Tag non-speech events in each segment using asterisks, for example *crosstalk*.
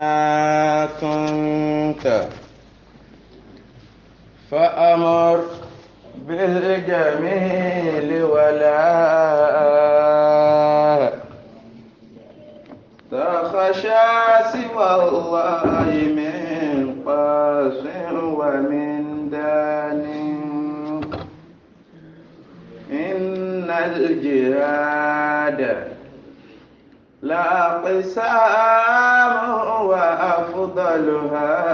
كنت فأمر بالجميل ولا تخشى سوى الله من قاس ومن دان إن الجهاد لا هو وأفضلها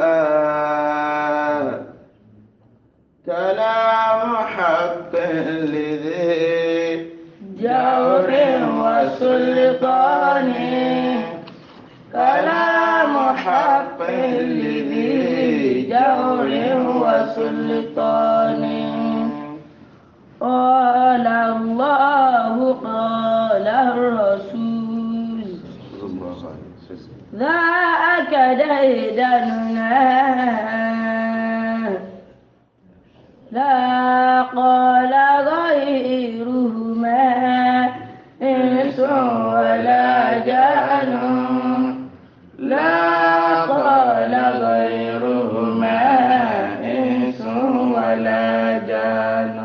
كلام حق لذي جور وسلطان كلام حق لذي جور وسلطان قال الله قال الرسول ذاك ديدننا لا قال غيرهما إنس ولا جان لا قال غيرهما إنس ولا جان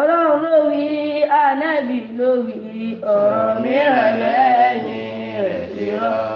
ọlọ́run ló wí ànábì ló ọ̀rọ̀ mìíràn lẹ́yìn rẹ̀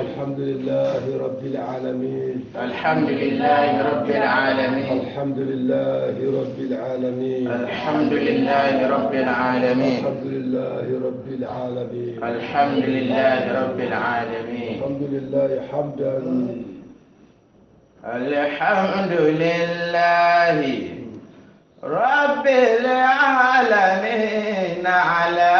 الحمد لله رب العالمين الحمد لله رب العالمين الحمد لله رب العالمين الحمد لله رب العالمين الحمد لله رب العالمين الحمد لله رب العالمين الحمد لله حمدا الحمد لله رب العالمين على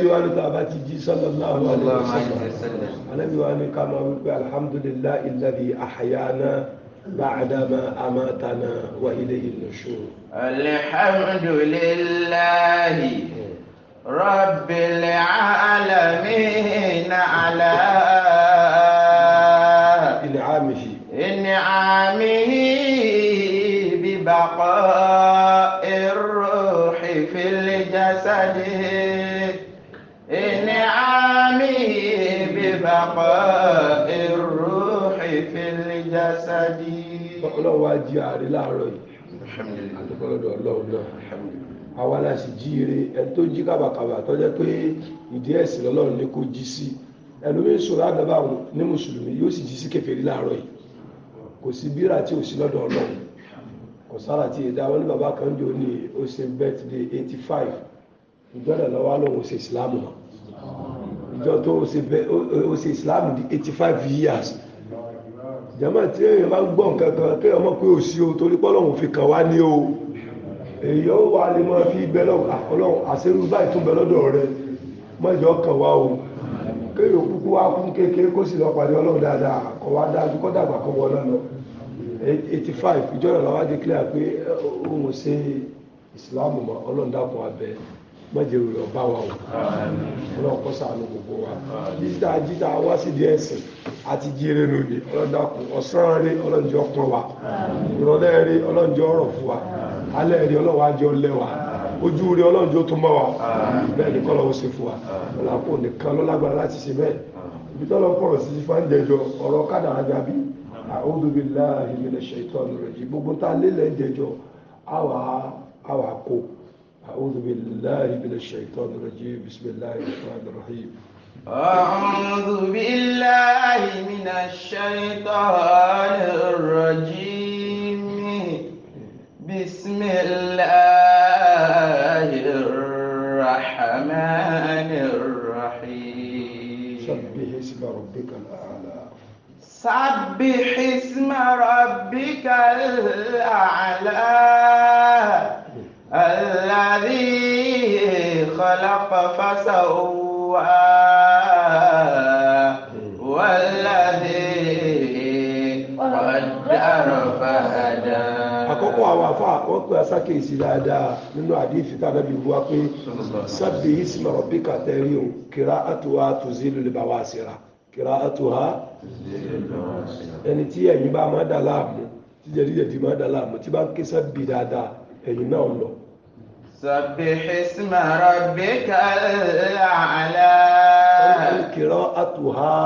anabi wa ni baba ti jí sallallahu alayhi wa sallam anabi wa ni kama wípé alhamdulillahi alladhi ahyana ba'dama amatana wa ilayhi nushur. alhamdulillahi rabbil alamin ala. in'amihi. in'amihi bibaqa'i ruhi fil jasadi. بقاء الروح في الجسد ọlọ́run wá jí ààrẹ láàárọ̀ yìí àtọ́kọ́lọ́dọ̀ ọlọ́run náà àwa la sì jí ire ẹni tó jí kàbàkàbà tó jẹ́ pé ìdí ẹ̀sìn lọ́lọ́run ní kó jí sí ẹlòmíì sọ̀rọ̀ àdàbà ní mùsùlùmí yóò sì jí sí kèfèrí láàárọ̀ yìí kò sí bírà tí ò sí lọ́dọ̀ ọlọ́run kò sára tí èdè àwọn ní kan jò ní ó ṣe birthday ìgbọ́dọ̀ lọ́wọ́ ìjọ tó o ṣe islam di eighty five years jama tí èèyàn bá gbọ́ nǹkan kan kí ọmọ pé òsì o torí pọ́lọ́hún fi kàn wá ní o èèyàn wà lè máa fi bẹ lọ́wọ́ ọlọ́run àṣírí báyìí tún bẹ lọ́dọ̀ rẹ mọ́jọ́ kàn wá o kéèyàn kúkú wá kún kékeré kó sì lọ pàdé ọlọ́run dáadáa kọ́ wá dájú kọ́ dàgbà kọ́ wọ náà lọ eighty five ìjọ́ra làwọn á declare pé òun ṣe ìsìláàmù mọ́ ọlọ́run dákun abẹ́ mọ́jẹ́ òrò ọba wa o ọlọ́kọ́ sàánú gbogbo wa jíta jíta wá sí di ẹ̀sìn àti jíire lóde ọlọ́dàkùn ọ̀sán rí ọlọ́njọ́ pọ̀ wa ìrọ̀lẹ́ rí ọlọ́njọ́ ọ̀rọ̀ fún wa alẹ́ rí ojú rí mọ́ wa bẹ́ẹ̀ ni kọ́lọ́wọ́ fún wa ọlọ́kùn nìkan lọ́lágbára láti ṣe bẹ́ẹ̀ ibi tọ́lọ́ sí ọ̀rọ̀ أعوذ بالله من الشيطان الرجيم بسم الله الرحمن الرحيم أعوذ بالله من الشيطان الرجيم بسم الله الرحمن الرحيم سبح اسم ربك الأعلى سبح اسم ربك الأعلى الذي خلق فسوى والذي قدر فهدى àkọ́kọ́ àwọn àfa àkọ́kọ́ asákèésí dáadáa nínú àdéhìí tá a nàbí wá pé sábì isma rabbika tẹ̀rí o kìrá àtúwá tuzilu lè bá wá síra kìrá àtúwá ẹni tí ẹ̀yin bá máa dà láàmú tí jẹ̀díjẹ̀dí máa dà láàmú tí bá ń ké sábì dáadáa ẹ̀yin náà lọ سبح اسم ربك الأعلى قراءتها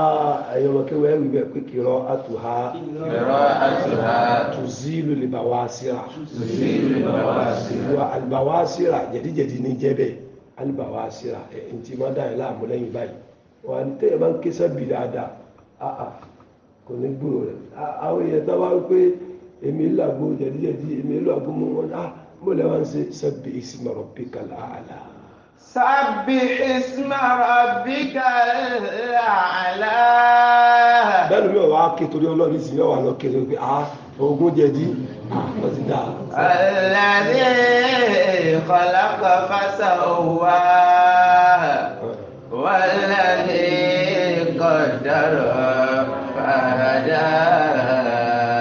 أيوة كوين قراءتها قراءتها تزيل البواسرة تزيل البواسرة البواسرة جدي جدي نجبي البواسرة انت ما دا لا ملين باي وانت من كسب بلادا آآ آه. kò ní gbúrò rẹ̀ àwọn èèyàn tó wá wípé èmi làgbo jẹ̀díjẹ̀dí èmi wọn náà mo lè wá ń ṣe sẹ́bi ìsìnmọ̀ rọ̀ bí kàlá àlà. sàbí ìsìnmọ̀ rọ̀ bí kàlá àlà. bẹ́ẹ̀ ni mi ò wá ké torí ọlọ́run ìsìn yóò wá lọ ké torí a oògùn jẹ̀dí wọ́n ti dà. alladhi khalaqa fasawwa walladhi qaddara fahada.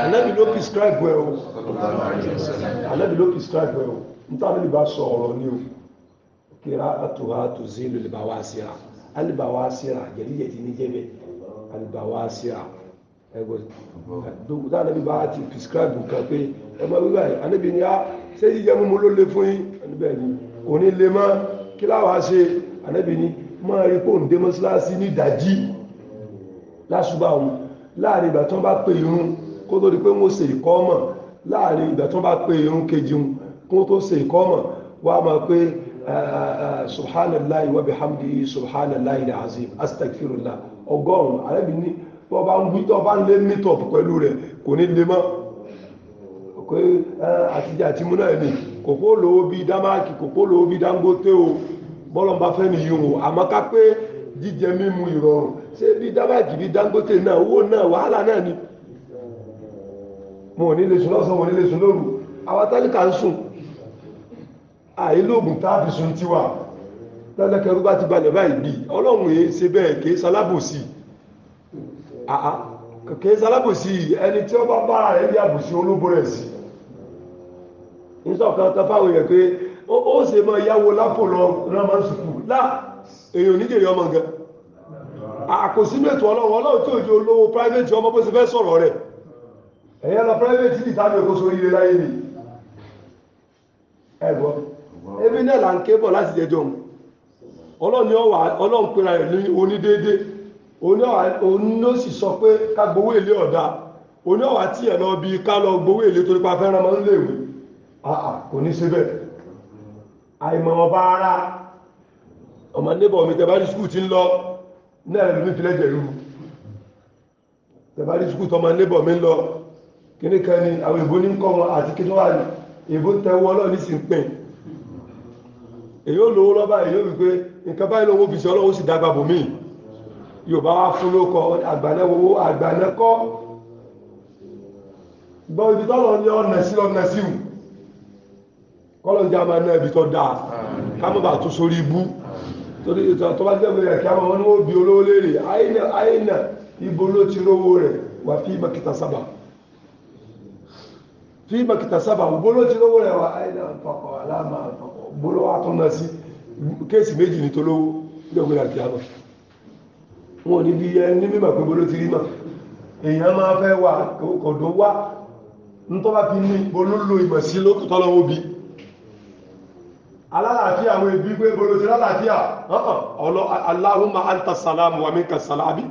anábì ló prescribe well I let the í strike ẹ̀ o níta lè bá sọ ọ̀rọ̀ ni o kíra àtúwà àtúnzí lè bá wá síra alìbá wá síra jẹ̀díjẹ̀dí ní jẹ́bẹ̀ alìbá wá síra ẹgbẹ́ dókítà alẹ́bi bá ti prescribe nǹkan pé ẹgbẹ́ wíwá yìí alẹ́bi ni a ṣé jíjẹ mímu ló le fún yín alẹ́bi ni kò ní le mọ́ kí láwàá ṣe alẹ́bi ni máa rí pòun dé mọ́sálásí ní ìdájí lásùbà òun láàrin ìgbà tí wọ́n bá pè irun kó tó di pé wọ́n ṣe ìkọ́ mọ̀ láàrin ìgbà tó bá pé irun kejì kún tó ṣe ìkọ́mọ̀ wá máa pé subhanallahi wa bihamdihi subhanallahi alazim astaghfirullah ọgọ́rùn arẹ́bí ní tó bá ń wítọ́ bá ń lé mítọ̀ pẹ̀lú rẹ̀ kò ní lè mọ́ pé àtijọ́ àti múná ẹ̀mí kòkó lówó bí dámáàkì kòkó lówó bí Dangote o bọ́lọ̀ bá fẹ́ nìyí o àmọ́ ká pé jíjẹ mímu ìrọ̀rùn ṣé bí dámáàkì bí Dangote náà owó náà wàhálà náà ni mo ò ní lè sùn lọ́sàn mo ò ní lè sùn lóru àwọn tálíkà ń sùn àìlóògùn táàfi sùn tiwa lọ́lẹ́kẹ̀rú bá ti balẹ̀ báyìí bí ọlọ́run èé ṣe bẹ́ẹ̀ kìí salábòsí kìí salábòsí ẹni tí ó bá bára rẹ̀ bí àbòsí olóbo rẹ̀ sí nítorí kan fáwọn èèyàn pé ó ṣe mọ ìyàwó lápò lọ rámà sùkú lá èèyàn oníjèrè ọmọ nǹkan àkòsí mẹ́tò ọlọ́run ọlọ́run tí òjò ẹ̀yẹ́ lọ private ní ìtàbí òkú sórí ilé láyé mi ẹ̀gbọ́ ebi náà là ń ké bọ̀ láti jẹjọ mu ọlọ́ni ọwà ọlọ́run pera rẹ̀ ní onídéédé oní ó sì sọ pé ká gbowó èlé ọ̀dà oní ọwà tí ẹ̀ lọ bí ká lọ gbowó èlé torí pa fẹ́ràn máa ń lè wé kò ní síbẹ̀ àìmọ̀ ọba ara ọmọ níbọ̀ mi tẹ̀bá ní skul ti ń lọ náà lómi filẹ̀ jẹ̀rú tẹ̀bá ní skul tọmọ níbọ̀ mi ń lọ kíní kan ni àwọn èbó ní kọ́ wọn àti kí tó wà ní èbó ń tẹ́wọ́ ọlọ́ọ̀ni sì ń pè èyí ó lówó lọ́ba èyí ó wí pé nǹkan báyìí lówó fi sí ọlọ́wọ́ sì dàgbà bòmí yorùbá wá fún lóko àgbànáwó àgbànákọ́ gbọ́ ibi tọ́lọ̀ ní ọ̀nà sí ọ̀nà sí wù kọ́lọ̀ jẹ́ àmà náà ibi tọ́ dáa kámọ́bà tó sórí ibú torí ètò àtọ́bá jẹ́ ìrìn àkíyà wọn ni wọ́n bí olówó léèrè àìnà ibo ló ti fíìmù kìtà sábà ògbóló tí lówó rẹ̀ wà àìdá papa aláàmà ọ̀pọ̀ ògbóló wà tó náà sí kéèsì méjì ní tolówó ní ògbé àti àmà wọn ní bí ẹ ní mímọ̀ pé gbóló ti rí mà èèyàn máa fẹ́ wà kọ̀dọ̀ wá ń tọ́ fi ní gbóló lo ìmọ̀ sí lókùtọ́ lọ́wọ́ bí alálàáfíà àwọn ẹbí pé gbóló ti lálàáfíà ọlọ́ Allahumma anta salam wa minka salam àbí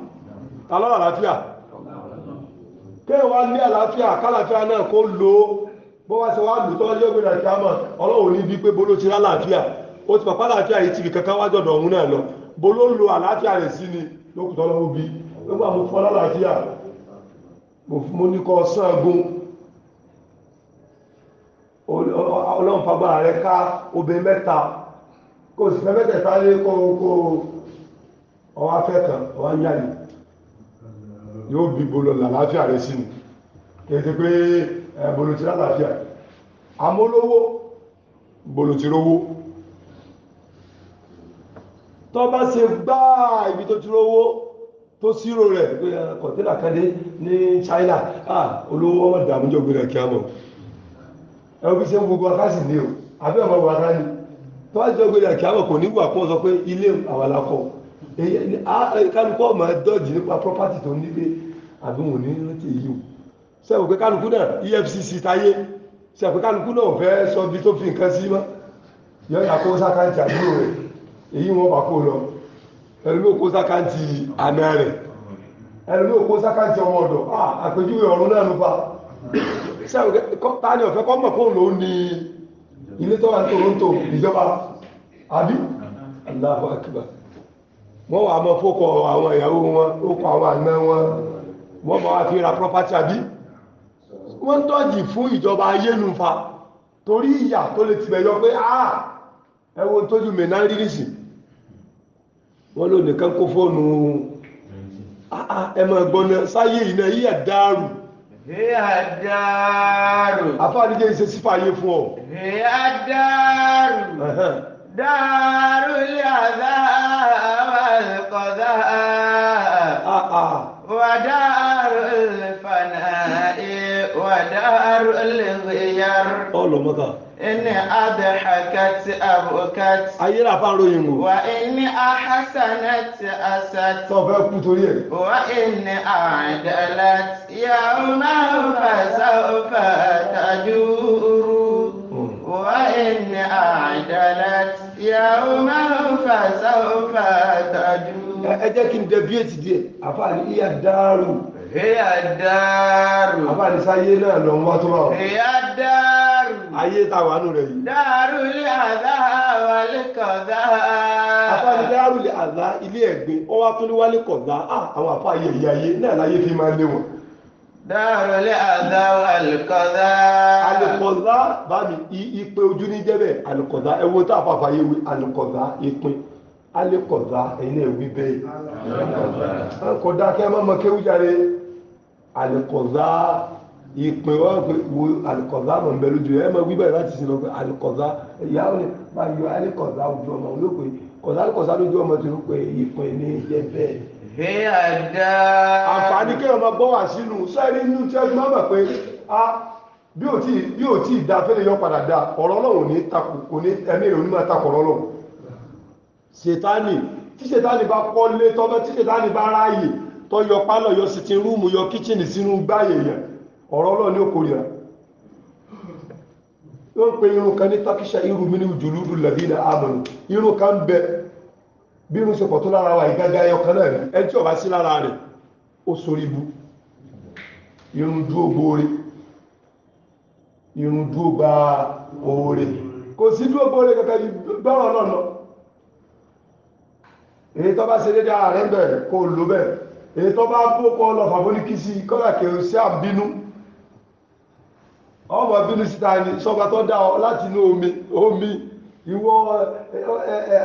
alálàáfíà kéèyàn ní àlàáfíà kálàáfíà náà kó lò ó bó wá sí wá lò tó wá jẹ́ ògbìn àti àmọ́ ọlọ́run ní bí pé bó ti rá àlàáfíà ó ti pàpá àlàáfíà yìí ti fi kankan wá jọ̀dọ̀ náà lọ lo àlàáfíà rẹ̀ sí ni bí mo mo ní ká obìnrin kò sì yóò bí bolo làlàáfíà rẹ sínú kéde pé bolo ti lálàáfíà amólówó bolo ti rówó tó bá ṣe gbáà ibi tó ti rówó tó sírò rẹ̀ pé kọ̀tẹ́là ní China ah olówó ọmọ ìdààmú jọ gbé rẹ̀ kí á mọ̀ ẹ bí ṣe ń gbogbo akásì ní o àbí ọmọ gbogbo tó bá jọ gbé kí á mọ̀ kò ní wà kó sọ pé ilé àwọn alákọ̀ọ́ kálukú ọmọ dọ́jì nípa property tó nílé àbí wọn ní rántí èyí o sẹ́wọ̀n pé kálukú náà EFCC táyé sẹ́wọ̀n pé kálukú náà fẹ́ sọ bí tó fi nǹkan sí mọ́ yọ̀ọ́yà kó sákàǹtì àbúrò rẹ̀ èyí wọn bá kó lọ ẹlòmí òkó sákàǹtì àná rẹ̀ ẹlòmí òkó sákàǹtì ọmọ ọ̀dọ̀ àpèjúwe ọ̀run náà ló fa sẹ́wọ̀n tá ni ọ̀fẹ́ kọ́ mọ̀ kó lòó ní ilé tó wà ní Toronto ìjọba àbí Allahu Akbar wọ́n wà mọ́ fókọ àwọn ìyàwó wọn ókọ àwọn àna wọn wọ́n bá wá fi ra property àbí wọ́n ń tọ́jì fún ìjọba ayélufa torí ìyà tó lè tìbẹ̀ yọ pé ah ẹwọ tójú mẹ́ná rí nìsí wọ́n ló nìkan kó fóònù ẹmọ ẹgbọ́nà sáyé ìná yíyà dáàrù yíyà dáàrù afáàdíjẹ́ ìṣesífà ayé fún ọ yíyà dáàrù Darul Azab wal Qada. Ah, ah. Wa darul Fana'i wa darul Ghiyar. Ọlọ́mọ kan inni adhakat abkat. ayé la fa ròyìn o. wa inni ahasanat asat. sọfẹ kú wa inni adalat yawma fasawfa tajuru. وإن أعدلت يوما فسوف تجوز ẹ jẹ́ kí n dẹ́bíyèsí díẹ̀ àfààní ìyá dáàrú. ìyá dáàrú. àfààní sáyé náà lọ ń wá tó bá wọ. ìyá dáàrú. ayé táwa nù rẹ yìí. dáàrú lè àdá wálé kọ̀dá. àfààní dáàrú lè àdá ilé ẹ̀gbin ọwọ́ tó ní wálé kọ̀dá àwọn àfààní ẹ̀yà ayé náà láyé fi máa lé wọn dáàrọ̀lẹ́ àdáwọ̀ alùkọ̀dá. alùkọ̀dá bá mi ipe ojú ní jẹ́bẹ̀ alùkọ̀dá ẹ wo tá a fà fàyè wí alùkọ̀dá ìpín alùkọ̀dá ẹ̀yin náà wí bẹ́ẹ̀. alùkọ̀dá kí ẹ má mọ kéwú jáde alùkọ̀dá ìpín wọn pé wo alùkọ̀dá mọ̀ nbẹ lójú ẹ má wí bẹ́ẹ̀ láti sinmi pé alùkọ̀dá ìyá wọn máa yọ alùkọ̀dá ojú ọmọ olóòpè kọ̀dá alùkọ̀dá lójú ọmọ tó ń pè ìpín ní jẹ́bẹ̀ẹ́ àǹfààní kí ọmọ gbọ́ wà sínú sẹ́rí inú tí ó gbọ́ mọ̀ pé a bí ò tí bí ò tí ìdá fẹ́lẹ̀ yọ padà dá ọ̀rọ̀ Ọlọ́run ní takò kò ní ẹ̀mí rẹ̀ onímọ̀ takò ọ̀rọ̀ Ọlọ́run ṣètánì tí ṣètánì bá kọ́lé tọ́bẹ́ tí ṣètánì bá ráàyè tó yọ pálọ̀ yọ sitin rúùmù yọ kíchìnì sínú gbáyè yẹn ọ̀rọ̀ Ọlọ́run ní òkòrìyà ó ń pe irun kan ní takisha irun mi ní jùlúdù lẹ́bí ilẹ̀ bí irun ṣe pọ̀ tó lára wa ìgágá ẹyọ kan náà rí ẹni tí ó bá sí lára rẹ̀ ó sorí bu irun dúó gbóore irun dúó gba oore kò sí dúó gbóore kankan gbọ́rọ̀ náà lọ èyí tó bá ṣe dédé ara rẹ̀ bẹ̀rẹ̀ kó lò bẹ̀rẹ̀ èyí tó bá kó kọ́ lọ fàbóníkì sí kọ́lá kẹrù sí àbínú ọmọ bínú síta ni sọba tó dá ọ láti inú omi omi ìwọ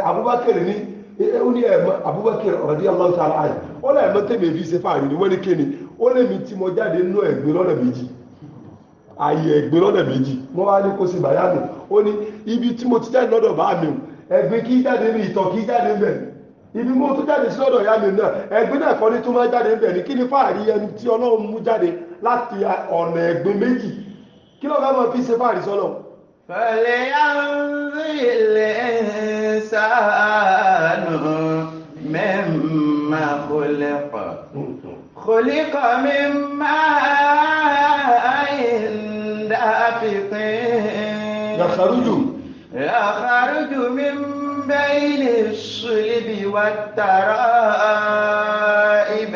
Abubakar ní Eh, ó ní ẹ̀mọ́ eh, Abubakar radiyallahu ta'ala anhu ó lè eh, mọ́ tẹ̀mí èfi ṣe fáàrí ni wọ́n ní kéne ó lè mi tí mo jáde nínú ẹ̀gbin lọ́nà méjì ààyè ẹ̀gbin lọ́nà méjì wọ́n wá ní kó sì bàyánù ó ní ibi tí mo ti jáde lọ́dọ̀ bá mi ẹ̀gbin kì í jáde ní ìtọ̀ kì í jáde ń bẹ̀ ibi mo tún jáde sí lọ́dọ̀ ìyá mi náà ẹ̀gbin náà kọ́ ni tó máa jáde ń bẹ̀ ní kí ni fáàrí ẹni tí Ọlọ́run mú jáde láti ọ̀nà ẹ̀gbin méjì kí lọ́ọ́ fẹ́ mọ́ fi ṣe fáàrí sọ́lọ́run فلينظر الإنسان مما خلق خلق مما عند أفق يخرج يخرج من بين الصلب والترائب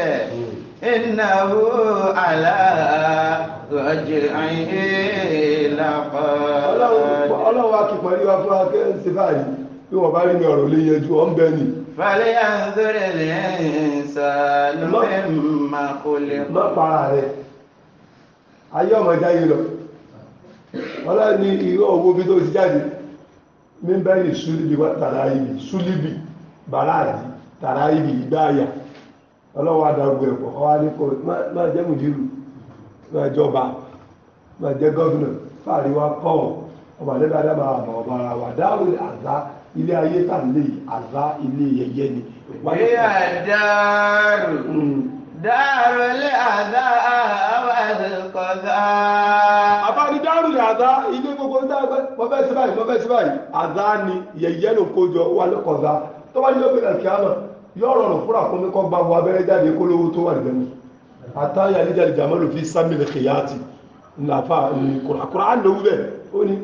إنه على رجعه ọlọ́wọ́ akíkọ̀ wa fún akẹ́ ṣe bí wọ́n bá rí ní ọ̀rọ̀ lè yẹjú ọ̀ ń ni. fàlẹ́ àǹdọ́rẹ̀ lẹ́yìn sàánú ẹ̀ máa kó lè. má para rẹ ayé ọmọ jáde lọ irú owó bí tó ti jáde mi ibi ibi ọlọ́wọ́ ẹ̀kọ́ ní kò má jẹ́ má jọba má jẹ́ fáàrí wa kọ́ ọ̀ ọba àdébí adáma àbọ̀ ọba ara wa àzá ilé ayé tà lè àzá ilé yẹyẹ ni. ìyá dáàrú hmm. dáàrú lé àzá àwọn àdìkọ̀ dáa. àbárí dáàrú lè àzá ilé gbogbo ń dáàbẹ́ wọ́n bẹ́ẹ̀ sí báyìí wọ́n bẹ́ẹ̀ sí báyìí àzá ni yẹyẹ ló kójọ wà lọ́kọ̀ dá tó bá yọ bẹ́ẹ̀ kí á mọ̀ yọ rọrùn fúnra fún mi kọ́ gba àwọn jáde kólówó tó wà nìbẹ̀rù àtàyà níjà ìjàmọ́ lòfin sámìlì kìyàtì nàfà kùràkùrà lówú bẹ́ẹ̀ ó ní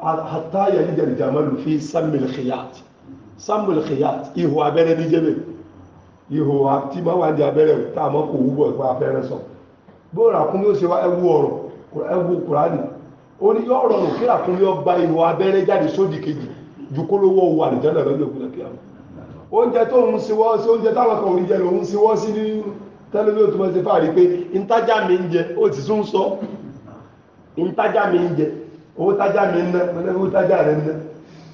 àtàyà ìjà ìjàmọ́lù fi samuel khiyat samuel khiyat ihò abẹ́rẹ́ ní jẹ́bẹ̀ ihò àti máwàndì abẹ́rẹ́ tá a mọ́ kò wúbọ̀ ìpa abẹ́rẹ́ sọ bóòrà kúnmí ó ṣe wá ẹwú ni ẹwú kùránì ó ní yọ rọrùn kí làkúnmí ọba ihò abẹ́rẹ́ jáde sódì kejì ju kó lówó wà nìjọ́nà rẹ̀ lókun lọ́kì àmọ́ oúnjẹ tó ń siwọ́ sí oúnjẹ táwọn kan ò ní jẹ lòun siwọ́ sí ní tẹ́lẹ̀ bí ó túnmọ̀ sí fáàrí pé ìtajà mi ń jẹ ti tún sọ ń tájá mi ń jẹ owó tájá mi ń ná mo náà owó tájá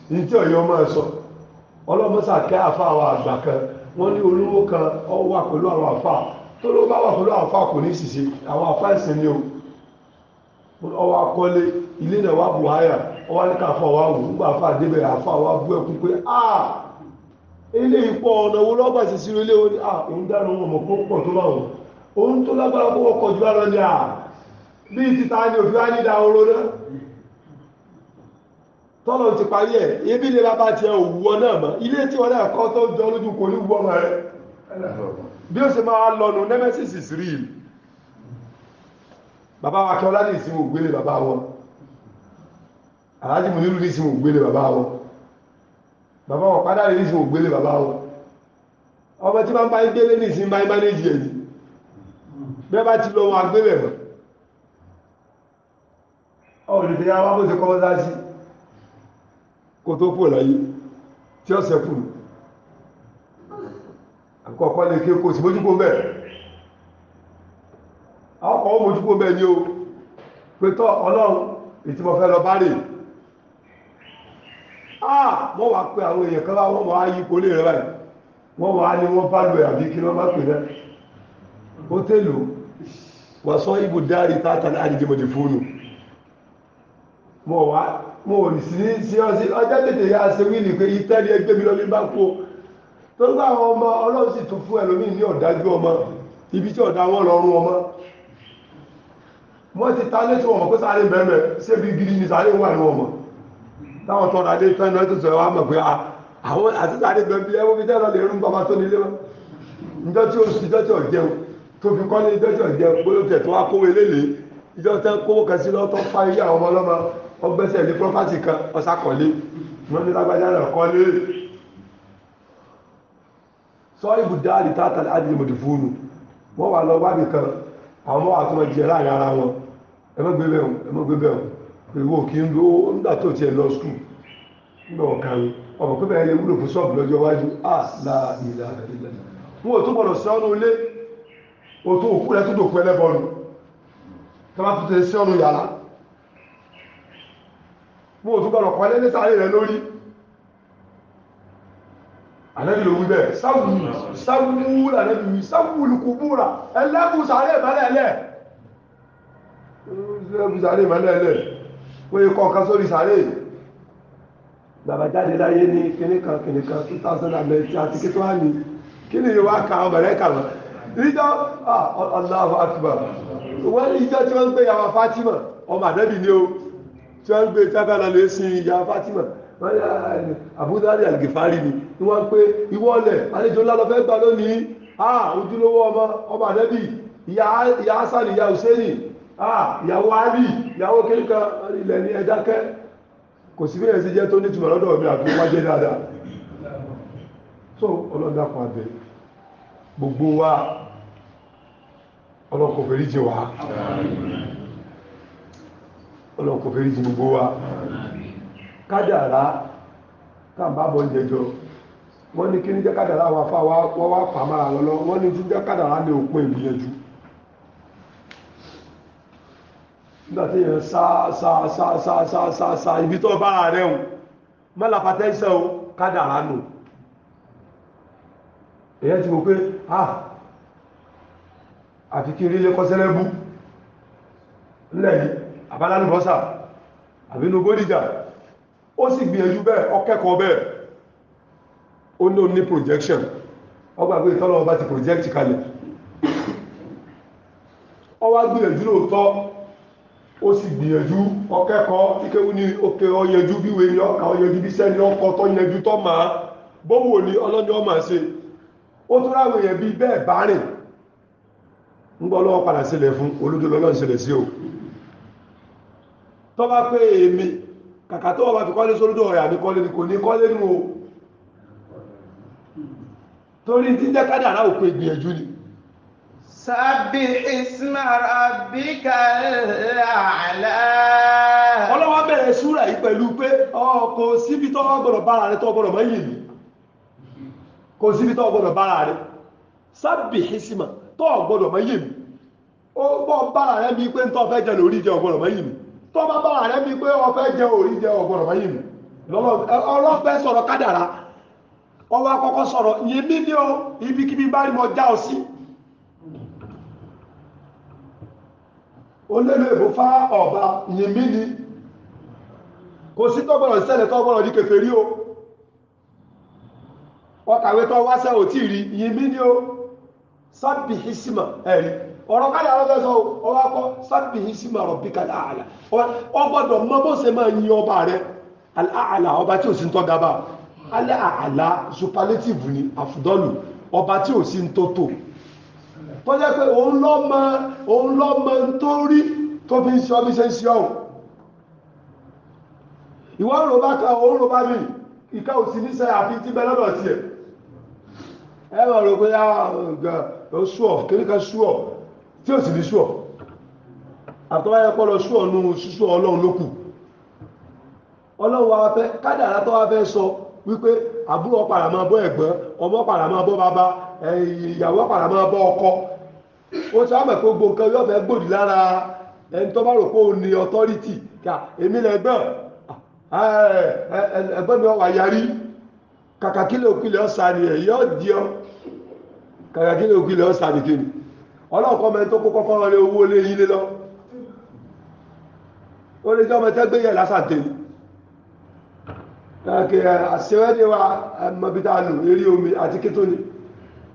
tí ọ̀yọ́ máa sọ ọlọ́mọsàkẹ́ àgbà kan wọ́n ní olówó kan pẹ̀lú tó bá wà pẹ̀lú àwọn kò ní ṣìṣe àwọn ni o ilé náà wà buhaya wà wù pé ilé ọ̀nà wo ilé ni òun dáná wọn mọ̀ tó bá wọn òun tó lágbára kó wọ́n kọjú ní títa ni òfin wá ní ìdá oró náà tọ́lọ̀ ti parí ẹ̀ ebi lè bá ti ẹ òwú ọ náà mọ́ ilé tí wọn náà kọ́ tó jọ lójú kò ní wú ọmọ rẹ bí ó sì máa lọnu nemesis is real bàbá wa akẹ́ọ́lá ní ìsinmi ògbélé bàbá wọn aláàjì mùnílù ní ìsinmi ògbélé bàbá wọn bàbá wọn padà ní ìsinmi ògbélé bàbá wọn ọmọ tí máa ń bá ń gbélé ní ìsinmi máa ń bá ní ìjì ẹ̀yìn bí bá ti lọ wọn agbélé wọn ọ̀rọ̀ ìdíje àwọn abóse kọ́ mọ́sáàsì kò tó kú láyé tí ó sẹ́kù àkọ́kọ́ lè ké kò sí mójúkó bẹ́ẹ̀ ọkọ̀ ó mójúkó bẹ́ẹ̀ ni ó pé tọ́ ọlọ́run ètí mo fẹ́ lọ bá rè áà ah! wọ́n wá pé àwọn èèyàn kan wá wọ́n wá yí kó lè rẹ̀ báyìí wọ́n wá ní wọ́n bá lọ àbí kí wọ́n bá pè rẹ̀ ó tèlò wà sọ ibùdó dárí tátà ní àdìjẹ́mọ̀dì fóònù mo wá wọn ò sí sí ọjọ́ tètè yá ṣe wíìlì pé ìtẹ́lẹ̀ ẹgbẹ́ mi lọ ní bá kú tó ń bá àwọn ọmọ ọlọ́run sì tún fún ní ọmọ ibi tí ọ̀dá wọn lọ́rùn ọmọ wọ́n ti ta létí wọn pé sáré bẹ̀rẹ̀ sébi gidi ni sáré wà ní ọmọ táwọn tọ́ra dé tọ́ ẹ̀nà ètùtù ẹ̀wà mọ̀ pé àwọn àti sáré bẹ̀rẹ̀ ẹwọ́ fi tẹ́lọ lè rún bàbá tó nílé wọn ìjọ ọgbẹ́sẹ̀ lé property kan ọ̀sàkọ̀lé wọ́n ní lágbájá náà kọ́lé sọ ibùdá àdìtàtà àdìmọ̀dì fúnnu wọ́n wà lọ wábì kan àwọn ọmọ àtúmọ̀ jẹ láàrin ara wọn ẹmọ́gbẹ́bẹ̀ ẹmọ́gbẹ́bẹ̀ ìwò kí ń lo nígbà tó tiẹ̀ lọ skul nígbà ọ̀kan ọmọ pípẹ́ ẹ̀yẹ wúlò fún sọ́ọ̀bù lọ́jọ́ iwájú àlàìlà ìlẹ̀ wọn ò tó gbọ́dọ̀ sí ọ́nù ilé òtún òkú rẹ̀ tó dòkú ẹlẹ́bọ̀nù tó bá tó tẹ̀ sí ọ́nù yàrá mo ò tún gbọ́dọ̀ pọ́n lẹ́lẹ́ sáré rẹ lórí ànábì ló wí bẹ́ẹ̀ sáwù sáwù ànábì wí sáwù lùkùbúra ẹlẹ́bù sáré ìmọ́lẹ̀ẹ́lẹ̀ ẹlẹ́bù sáré ìmọ́lẹ̀ẹ́lẹ̀ pé kọ̀ọ̀kan sórí sáré gbàbàjáde láyé ní kíníkan kíníkan two thousand and ninety àti kí tó wà ní kí ni ìwà ka àwọn bẹ̀rẹ̀ kàwọn níjọ́ ah, Allahu Akbar wọ́n ní ìjọ tí wọ́n ń gbé yàwó Fatima ọmọ ànábì ni o. tí wọ́n gbé tí abala lè sin ìyá Fatima àbúdárì ah, àlìgèfárì ni ni wọ́n pé ìwọ́lẹ̀ àlejò ńlá lọ gbà lónìí ah, ojúlówó ọmọ ọmọ àdẹ́bì ìyá Hasan ìyá Hussein ah, ìyàwó Ali ìyàwó kéka ilẹ̀ ní kò sí jẹ́ tó lọ́dọ̀ mi dáadáa so ọlọ́dà kan gbogbo wa wa. ọlọ́run kò fẹ́rí ti gbogbo wa kádàrá tàbá bọ́ jẹjọ wọ́n ní kí ní jẹ́ kádàrá wà fà wọ́n wá fà mára lọ́lọ́ wọ́n ní tí jẹ́ kádàrá ní òpin ìgbìyànjú nígbàtí yẹn sá sá sá sá sá sá sá ibi tó bára rẹ̀ o mọ́làfà tẹ́sẹ̀ o kádàrá nù èyẹ́ ti mọ̀ pé ah àti kí n rí lé kọ́sẹ́lẹ́bù lẹ́yìn abálálùbọ́sà àbínú bódìjà ó sì gbìyànjú bẹ́ẹ̀ ọkẹ́kọ̀ọ́ bẹ́ẹ̀ ó ní òní projection ọgbà pé ọ ọba ti project kalẹ̀ ó wá gbìyànjú lóòótọ́ ó sì gbìyànjú ọkẹ́kọ̀ọ́ kíkéwú ní òkè ọyẹjú bí wèé ní ọkà ọyẹjú bí sẹ́ni ọkọ̀ yẹjú ọlọ́ni ọmọ ṣe ó tún èèyàn bẹ́ẹ̀ bá rìn ń gbọ́ lọ́wọ́ padà sílẹ̀ fún tó bá pé èmi kàkà tó bá fi kọ́lé sórídò ọ̀yà ní kọ́lé ní kò ní kọ́lé nù o torí tí jẹ́ kádàrá òpè gbìyànjú ni sábì isma rabbika àlá ọlọ́wọ́ bẹ̀rẹ̀ súrà yìí pẹ̀lú pé ọkọ̀ síbi tó gbọ́dọ̀ bára rẹ ó gbọ́ bára rẹ mi pé ń tọ́ fẹ́ jẹ lórí jẹ ọgbọ́dọ̀ mọ́yìn mi tó bá bá rẹ̀ bí pé ọfẹ́ jẹ òrí jẹ ọgbọ̀rọ̀ báyìí mú ọlọ́fẹ́ sọ̀rọ̀ kádàrá ọwọ́ akọ́kọ́ sọ̀rọ̀ yèmí ní o ibikíbi bá rí mọ já ọ sí olóòlù èbó fá ọba yèmí ni kò sí ní rí o ọkàwé òtí rí ni ọ̀rọ̀ kálí àwọn fẹ́ẹ́ sọ ọwọ́ akọ sábì yìí sí màrọ̀ bí kálí àlà ọ gbọ́dọ̀ mọ bó ṣe máa yin ọba rẹ àlà ọba tí ò sí ń tọ́ gaba alẹ́ àlà superlative ni àfùdọ́lù ọba tí ò sí ń tó tò tó jẹ́ pé òun lọ́ mọ òun lọ́ mọ tó rí tó fi ń ṣe ọbí ṣe ń ṣe ọ̀hún ìwọ ń roba kan òun roba mi ìka ò sí níṣẹ́ àfi tí bẹ́ẹ̀ lọ́dọ̀ tiẹ̀ ẹ mọ̀ rò pé ah, ó sùọ̀ kékeré tí ó sì ní ṣùọ́ àtọ́wáyé pọ́lọ ṣùọ́ nú ṣíṣọ́ ọlọ́run ló kù ọlọ́run wa fẹ́ kádàrá tó fẹ́ sọ wípé àbúrò padà bọ́ ẹ̀gbọ́n ọmọ padà bọ́ bàbá ìyàwó ọkọ àmọ̀ pé yóò fẹ́ gbòdì lára ẹni tó bá rò pé kà èmi lẹ́gbọ́n ah, ẹgbẹ́ mi wà yarí kàkàkílẹ̀ ni ẹ̀ di ọ kàkàkílẹ̀ ọlọ́ọ̀kọ́ mẹ́rin tó kó kọ́kọ́rọ́ lé owó lé yílé lọ ó lè jọ́ mẹ́tẹ́ gbé yẹ̀ lásàté kẹ àṣẹwẹ́dẹ́ wa mọ̀bítà nù eré omi àti kétó ni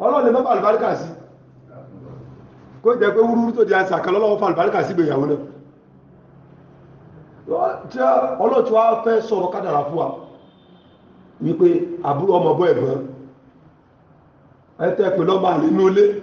ọlọ́ọ̀lẹ́ mọ́bà àlùbáríkà sí kó jẹ́ pé wúrúwúrú tó di àṣà kan lọ́wọ́ sí náà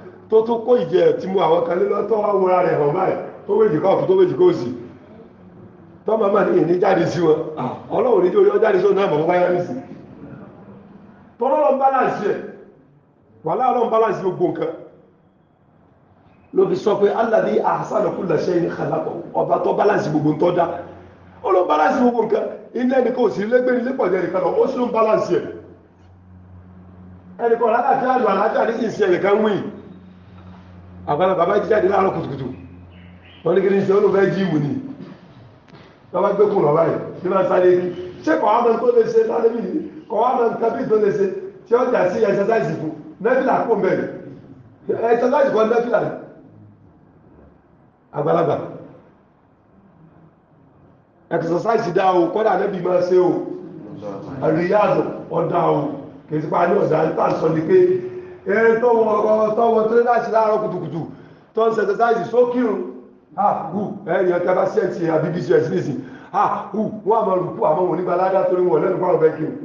tó tó kó ìjẹ tí mo àwọn kan lélọ́ tó wá wọra rẹ̀ hàn báyìí tó wéjì kọ́ ọ̀tún tó wéjì kó sì tó máa máa ní ìní jáde sí wọn ọlọ́run níjó yọ jáde sóun náà mọ̀ wáyé ní sí tọ́lọ́ lọ́n báláǹsì ẹ̀ wàhálà lọ́n báláǹsì gbogbo nǹkan ló fi sọ pé alladhi ahsana kulla shay'in khalaqa ọba tó báláǹsì gbogbo tó dá ó ló báláǹsì gbogbo nǹkan iná ẹni kò sí lẹ́gbẹ̀ẹ́ ilé pọ̀jẹ́ nìkan lọ ó sì ló ń báláǹsì ẹ̀ ẹnì kan alájà àlọ́ alájà ní ìsìn ẹ̀yẹ̀ kan wíì àgbàlá bàbá jí jáde láàárọ̀ kùtùkùtù wọ́n ní kí ní sọ ló fẹ́ jí ìwù ni bàbá gbé kùn lọ́ba yìí bí wọ́n sáré kí ṣé kọ̀ wọ́n tó lè ṣe sáré bí kọ̀ wọ́n tó bí tó lè ṣe tí ó jà sí ẹ̀sẹ̀sáìsì fún nẹ́fìlà kó mẹ́rin ẹ̀sẹ̀sáìsì kan nẹ́fìlà àgbàlagbà ẹ̀sẹ̀sáìsì dá o kọ́dà nẹ́bí máa ṣe o àríyáàzọ̀ ọ̀dá o kì í sípa ní ọ̀dá ń tà sọ ni ẹni tọ́wọ́ tírẹ́láṣì láàárọ̀ kùtùkùtù tó ń sẹ̀tẹ̀sáìsì sókírun àhù ẹni ọ̀tẹ́ bá ṣẹ́ẹ̀tì àbíbísí ẹ̀sìn nìsín àhù wọ́n àmọ́ rùkú àmọ́ wọn nígbà ládá torí wọn lẹ́nu pàrọ̀ bẹ́ẹ̀ kírun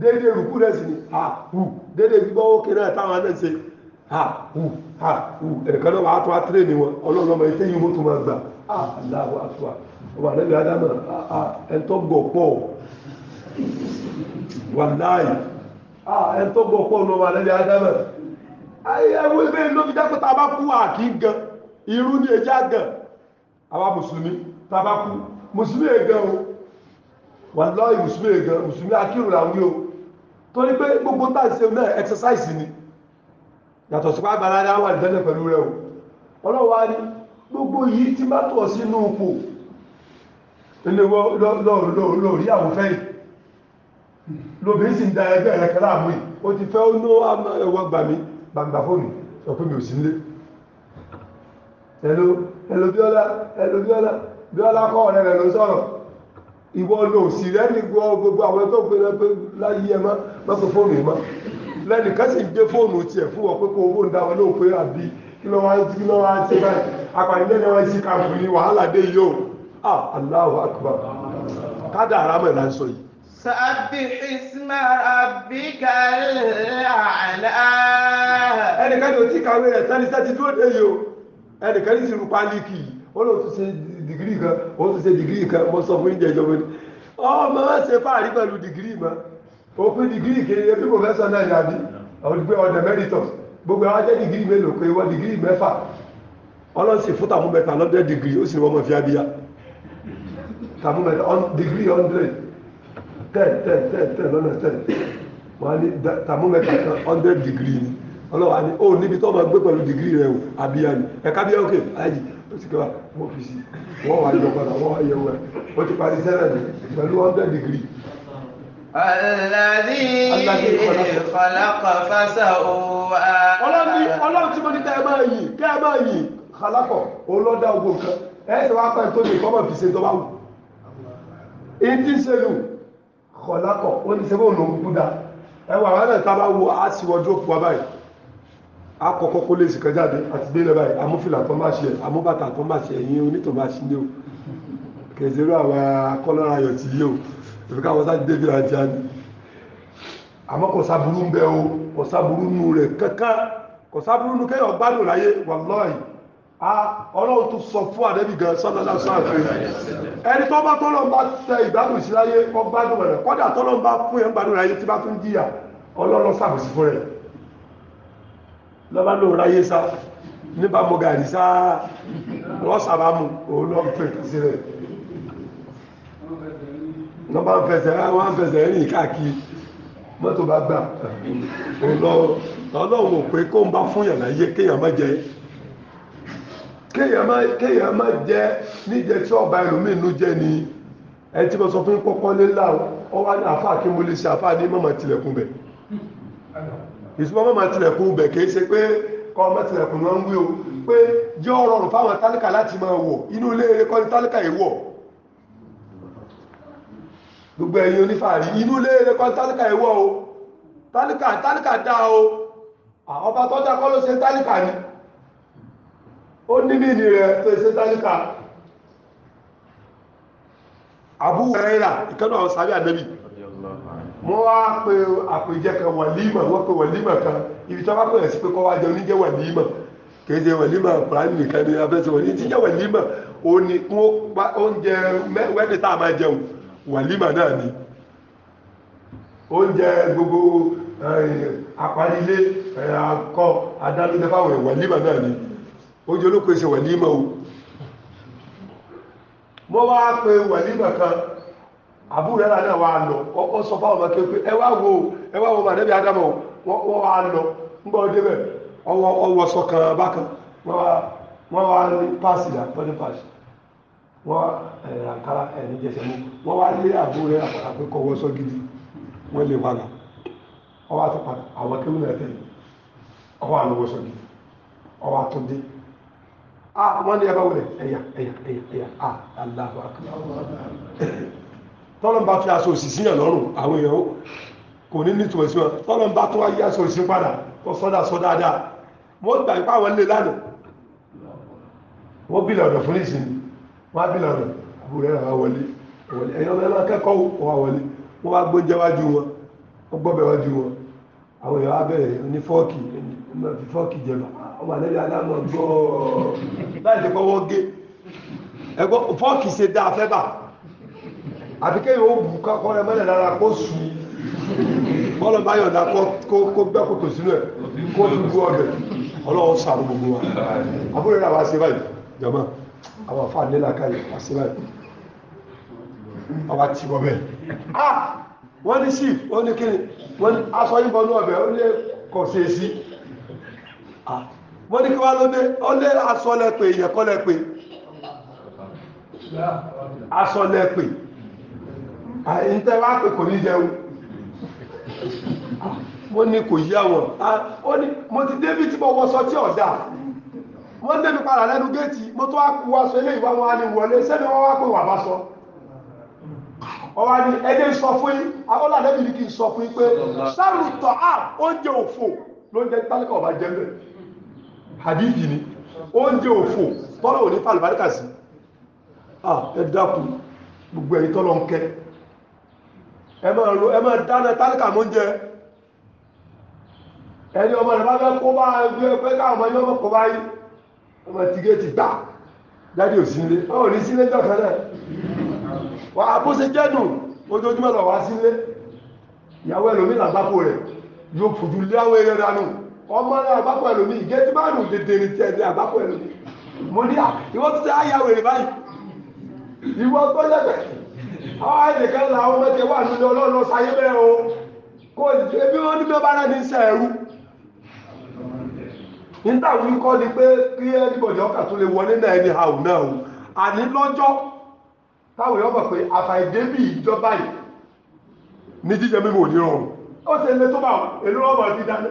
déédéé rùkú rẹ̀ sì ni àhù déédéé gbígbọ́ ó kéré táwọn náà ṣe àhù àhù ẹ̀kan náà wàá tó á tíré ni wọn ọlọ́run ọmọ ètè yìí mo tún máa gbà aláwọ̀ àtúwà ọmọ àlẹ́ mi adámọ̀ ẹ̀ tó gbọ̀ pọ̀ wàláì Ah, ẹni tó gbọ́ pọ̀ nù wà lẹ́bi ádámà ayé ẹwọ ilé ló fi jẹ́ pé tá a bá kú àkí gan irú ní ẹja gan àwa mùsùlùmí tá a bá kú mùsùlùmí ègan o wàláhì mùsùlùmí ègan mùsùlùmí akírun làwọn yóò torí pé gbogbo tá à ń ṣe náà exercise ni yàtọ̀ sí pàgbà lára wà nìdẹ́lẹ̀ pẹ̀lú rẹ̀ o ọlọ́wà ní gbogbo yìí tí má tọ̀ sínú ipò lórí àwọn fẹ́yìn lóbìnrin sì ń da ẹgbẹ́ rẹ̀ kẹ́lá àmú yìí ó ti fẹ́ ó ná ẹwọ́ gbà mí gbàgbà fóònù sọ pé mi ò sí nílé ẹ̀lò ẹ̀lò bíọ́lá ẹ̀lò bíọ́lá bíọ́lá kọ́ ọ̀rẹ́ rẹ̀ ló sọ̀rọ̀ ìwọ lò sí lẹ́nu gbogbo àwọn tó gbé lẹ́pẹ́ láyé ẹ fóònù yìí lẹ́nu gbé da wọn lóòpẹ́ سبح اسم ربك الأعلى. ẹnìkan ní o ti kàwé rẹ̀ sani sati tó dé yìí o ẹnìkan ní sinmi pálíkì ó lọ tún ṣe dìgírì kan ó tún ṣe dìgírì kan mo sọ fún yín jẹjọ pé ọmọ wa ṣe fáàrí pẹ̀lú dìgírì mọ́ o pé dìgírì kiri ebi professor náà yàbí ọdẹ ọdẹ meritus gbogbo àwọn jẹ́ dìgírì mélòó pé wọ́n dìgírì mẹ́fà ọlọ́sì fún tàmú mẹ́ta lọ́dẹ dìgírì ó sì ní wọ́n mọ̀ fi abíyá tàmú mẹ́ta dìgírì hundred tẹ̀ tẹ̀ tẹ̀ tẹ̀ lọ́nà tẹ̀ wọ́n á ní thermometer kan hundred degree ni ọlọ́wà ni ó níbi tó máa gbé pẹ̀lú degree rẹ o àbíyá ni ẹ̀ka bíyá òkè ayé ó ti kẹwàá wọ́n fi sí wọ́n wà yọ padà wọ́n wà yẹ wẹ̀ ó ti parí sẹ́rẹ̀ ni pẹ̀lú hundred degree. Alladhi khalaqa fasawwa. Ọlọ́run tí mo ní kẹ́ ẹ máa yìí kẹ́ ẹ máa yìí khalaqo olọ́dà ogun kan ẹ̀ ẹ́ sọ wá pẹ́ tó lè kọ́ mọ̀ fi ṣe tó bá wù. Ètí ń ṣe lù kọ̀lákọ̀ ó ní sẹ́fẹ́ òun lòun kúdà ẹwà wà náà tábà wo á sí wardrobe wa báyìí kọ́kọ́ kó lè sìkẹ́ jáde àti délé báyìí amúfìlà tó má ṣe amúbàtà tó má ṣe ẹ̀yìn ṣe o àwọn akọ́lọ́ra ayọ̀ ti yé o ọlọ́run tó sọ fún àdébì gan sọ́nàlá sáàfin ẹni tó bá tọ́lọ́ bá tẹ ìgbádùn sí láyé kọ́ gbádùn rẹ̀ kọ́dà tọ́lọ́ bá fún ẹ̀ ń gbádùn láyé tí bá tún díyà ọlọ́run sàbòsí fún rẹ̀ lọ́ba lóun ráyé sá nípa mo gàrí sá lọ́ sábà mu òun lọ́ pè sí rẹ̀ lọ́ba ń fẹsẹ̀ wọ́n ń fẹsẹ̀ rìn káàkiri mọ́tò bá gbà ọlọ́run ò pé kóun bá fún yàrá yé kéèyàn má jẹ́ kéèyàn má jẹ́ níjẹ tí ọba ẹlòmíín ló jẹ́ ni ẹ tí mo sọ fún ọ ní àfáà kí mo lè ṣe àfáà ní mọ̀mọ́ tilẹ̀kùn bẹ̀ ìṣúná mọ̀mọ́ tilẹ̀kùn bẹ̀ kì ṣe pé kọ́ mọ́ tilẹ̀kùn náà ń wí o pé ọ̀rọ̀ fáwọn tálíkà láti máa wọ̀ inú ilé eré kọ́ tálíkà gbogbo ẹ̀yin onífàárí inú ilé eré kọ́ o ó ní nìdí rẹ̀ tó ṣe tálíkà Abu Hurairah ìkánú àwọn sàbí ànábì wọ́n wá pe àpèjẹ kan wàlímà wọ́n pe wàlímà kan ibi tí wọ́n bá pè sí pé kọ́ wá jẹun níjẹ́ wàlímà kìí ṣe wàlímà kùránì nìkan ní abẹ́sẹ̀ wọ́n ní tíjẹ́ wàlímà ó ní oúnjẹ wẹ́ẹ̀dì tá a máa jẹun wàlímà náà ni oúnjẹ gbogbo àparílé àkọ adálójẹ fáwọn ìwàlímà náà ni ojú olóko ṣe wàlímà o mo wá pe wàlímà kan àbúrò ẹ̀rà náà wà lọ ọ sọ ọmọ kéwé ẹ wo ẹ wo màdébí ádámọ̀ wọ́n wá lọ nígbà ọdẹ bẹ̀ ọwọ́ ọwọ́ sọ kan bákan wọ́n wá ní páàsì àpọ́lé páàsì wọ́n ẹ̀rẹ̀ àkàrà ẹ̀rẹ̀ jẹsẹ̀ mú wọ́n lé pé sọ gidi wọ́n lè e wà lọ ọwọ́ àtọ́padà àwọn kéwé ọwọ́ gidi ọwọ́ a wọ́n ní ẹ̀bá wọlé ẹ̀yà ẹ̀yà ẹ̀yà ẹ̀yà a Allahu akbar tọ́lọ́mbà fi aṣọ òsì síyàn lọ́rùn àwọn èèyàn kò ní ní tùmọ̀ sí wọn tọ́lọ́mbà tó wáyé aṣọ òsì padà kọ sọ́dà sọ dáadáa wọ́n gbà ipá wọn lé lánàá wọ́n bí lọ́dọ̀ fún ìsinmi wọ́n bí lọ́dọ̀ àbúrẹ́ rẹ̀ wá wọlé ẹ̀yọ́ mẹ́rin akẹ́kọ̀ọ́ wá wọlé wọ́n wá gbóúnjẹ wájú wọn wọ́n gbọ́bẹ̀ wájú wọn àwọn èèyàn abẹ́rẹ́ ní fọ́ọ̀kì fi fọ́ọ̀kì jẹba ọmọ àlẹ́bí adámọ̀ gbọ́ láì lè pọ́wọ́ gé ẹgbọ́ fọ́ọ̀kì se dá afẹ́ bà àti kéèyàn ó bù kọ́kọ́ rẹ mẹ́lẹ̀ lára kó sù í bọ́ọ̀lù bá yọ̀ǹda kó gbẹ́ kòtò sínú ẹ̀ kó fi gbú ọbẹ̀ ọlọ́run sàrò gbogbo wa àbúrò rẹ̀ àwọn aṣèbáyìí jọmọ́ àwọn afọ àdínlá káyọ̀ aṣèbáyìí ọba ah wọ́n ní sí wọ́n ní kíni wọ́n aṣọ yín bọ́nú ọbẹ̀ ó lé kọ̀ sí ah, wọ́n ní kí wá ló dé ó lé lẹ́pẹ̀ èèyàn lẹ́pẹ̀ aṣọ lẹ́pẹ̀ ah, wá kò ní jẹun ah, wọ́n ní kò yá wọn ó ní mo ti débi tí mo tí débi padà géètì mo tó wá kú aṣọ eléyìí wọn á ní wọlé wá wà bá sọ. ọba ni ẹdẹ sọ fún yín akọ́lá àdẹ́bí ni kì í sọ fún yín pé sáré tọ́ á oúnjẹ òfò lóúnjẹ tálíkà ọba jẹ́ mbẹ́ hadithi ni oúnjẹ òfò tọ́lọ̀ òní sí gbogbo ẹ̀yìn tọ́lọ̀ ń ẹ máa ẹ máa dáná tálíkà ẹni ọmọ rẹ̀ fẹ́ kó bá gbé pé káwọn ọmọ ọmọ tìgé ti gbà jáde òsínlé wà á bó ṣe jẹ́dùn ojoojúmọ́ lọ wá sílé ìyàwó ẹlòmí làgbápò rẹ̀ yóò fojú lé àwọn èèyàn dànù ọmọ rẹ̀ àgbápò ẹlòmí ìgẹ́tí bá nù dèdèrè tiẹ̀ ní àgbápò ẹlòmí mo ní à báyìí tó àwọn wà nílé ọlọ́run o ebi wọn ní bẹ́ẹ̀ bá rẹ̀ ní nígbà kọ́ ni pé kí ẹni táwọn èèyàn mọ̀ pé àfàìdé bí ìjọba yìí ní jíjẹ mímu ò ó ṣe lé tó bá èlò ọmọ ti dáná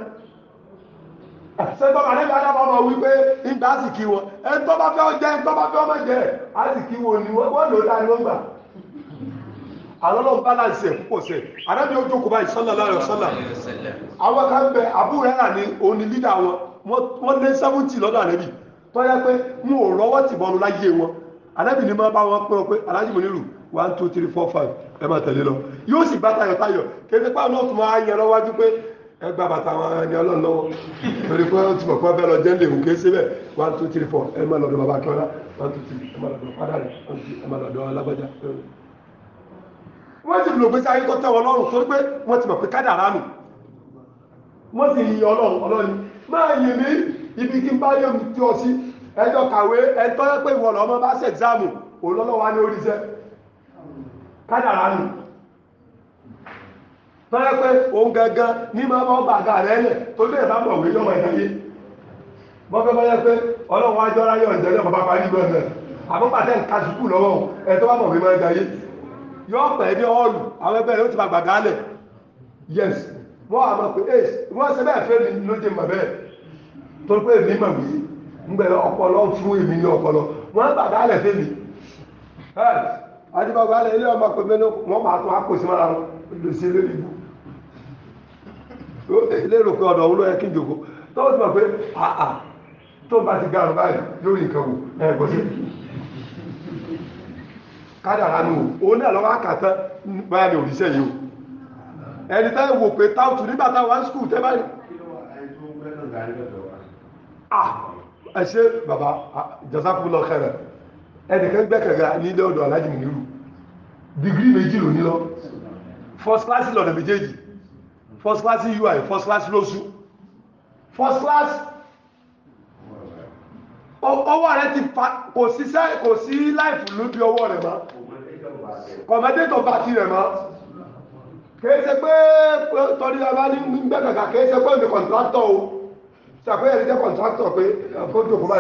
sẹ́ńtọ́ bàdé bá wípé ìgbà wọn ẹ̀ńtọ́ bá fẹ́ jẹ́ ẹ̀ńtọ́ bá fẹ́ wọn ni wọ́n lò Alọlọ ní wọ́n gbà àlọ́lọ́ balance ẹ̀ púpọ̀ ojú kò báyìí àwọn kan bẹ àbúrò ẹ̀rà ni lídà wọn wọ́n alábì ni máa bá wọn pẹ́ ala alájì mo nílù one two three four five ẹ máa tẹ̀lé lọ yóò sì bá tayọ̀ tayọ kété pé àwọn ọ̀tún máa yan lọ́wọ́jú pé ẹ gba bàtà ọlọ́run lọ́wọ́ torí pé ti mọ̀ pé lọ jẹ́ ń lè one two three four ẹ máa lọ́dọ̀ bàbá akíọ́lá one two three ẹ máa lọ́dọ̀ padà rẹ̀ one two ẹ máa lọ́dọ̀ alágbájá. wọ́n ti lò tó lọ́rùn torí pé wọ́n ti mọ̀ pé ẹjọ́ kàwé ẹjọ́ pé ìwọ lọ́mọ bá ṣe ẹ̀gzámù olólọ́wà ní oríṣẹ́ kádàrá nù tọ́lẹ́ pé òun gangan ní máa bá ọba àga rẹ̀ lẹ̀ tó lè bá mọ̀ wé yọmọ ìdáyé bọ́fẹ́ bá yẹ pé ọlọ́wọ́ ajọ́ ráyọ̀ ìjẹ́lẹ̀ bàbá parí gbọ́dọ̀ àbúpàtẹ́ nǹkan sùkúù lọ́wọ́ ẹ̀ tó bá mọ̀ wé máa ìdáyé yọ pẹ̀ ní ọ́ọ̀lù àwọn ẹgbẹ́ rẹ̀ ó ti máa gbàgbá lẹ̀ yes wọ́n àmọ̀ pé ace wọ́n ṣe bẹ́ẹ̀ fẹ́ mi lóde mọ̀ bẹ́ẹ̀ tó pé mi mọ̀ wí ngbẹ ọpọlọ fún èmi ní ọpọlọ wọn bàbá alẹ fèmí ẹ adibaba alẹ ilé ọmọ pẹmẹ ní wọn máa tún akọsí mọra wọn lọsí ilé ìbú ilé ìrò pé ọ̀dọ̀ òun ló yẹ kí n jòkó tó ti mọ̀ pé àà tó bá ti garun báyìí lórí nǹkan wò ẹ gbọ́ sí kádàrá nù o òun náà lọ́wọ́ àkàtà báyà ní òrìṣẹ́ yìí o ẹni tẹ́ wò pé táwùtù nígbà táwọn skul tẹ́ báyìí ẹ ṣe bàbá jazakumullah khairan ẹnìkan gbẹ́kẹ̀gà nílé ọ̀dọ̀ alájì nírú dìgírí méjì ló nílọ first class lọ́nà méjèèjì first class ui first class lóṣù first class ọwọ́ rẹ ti fa kò síṣẹ́ kò sí láìfù lóbi ọwọ́ rẹ mọ́ kọ̀mẹ́tẹ́tọ̀ party, ti rẹ̀ mọ́ kìí ṣe pé tọ́lí abá ní gbẹ́kẹ̀gà kìí ṣe pé mi kọ̀ǹtàtọ̀ o. ṣàpẹ́yẹ lè jẹ́ kọ̀ǹtrátọ̀ pé kóńtò kó bá